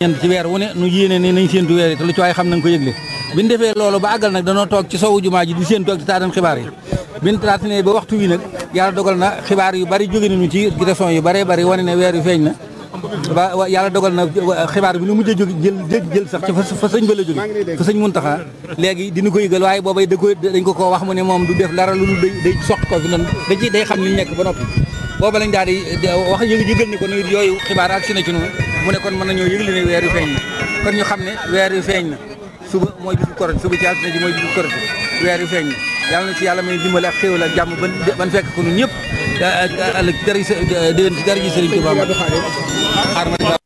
ñent ci weer wu ne nu yéene ne nañ séentu weer yi te lu ci xam nañ ko yëgle bi ñu defee loolu ba àggal nag danoo toog ci sowu jumaa ji di séentu ak di taatan xibaar yi bi ñu taatanee ba waxtu wi nag yàlla dogal na xibaar yu bari jóge nañu ci direction yu bëree bëri wane ne weer yu na ba yàlla dogal na xibaar bi nu mujj a jóg jël jël sax ci fa sëñ ba la jóge fa sëñ Muntaxa léegi dina ko yëgal waaye boobay da ko dañ ko koo wax mu ne moom du def dara lu day soq ko fi noonu da ci day xam ñu nekk ba noppi booba lañ daal di wax yëgal ni ko nuyu yooyu xibaar ak si na mu ne kon mën nañoo yëgle ne weer yu feeñ na kon ñu xam ne weer yu feeñ na suba mooy bisu korite suba ci altine ji mooy bisu korite weer yu feeñ na yàlla na ci yàlla may dimbali ak xéewal ak jàmm ba ban fekk ko ñun ñëpp ëllëg dara ci déwén ci dara ji Sëriñ Tuubaa